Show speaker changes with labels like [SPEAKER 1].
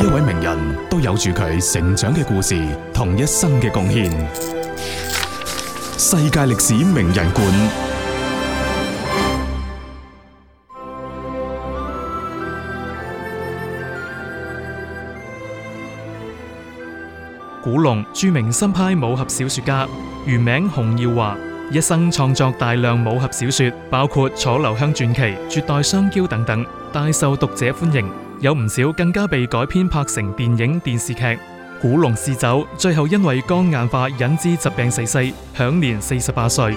[SPEAKER 1] 一位名人都有住佢成長嘅故事，同一生嘅貢獻。世界歷史名人館，
[SPEAKER 2] 古龍，著名新派武俠小說家，原名洪耀華，一生創作大量武俠小說，包括《楚留香傳奇》《絕代雙驕》等等，大受讀者歡迎。有唔少更加被改編拍成電影、電視劇。古龍嗜酒，最後因為肝硬化引致疾病逝世，享年四十八歲。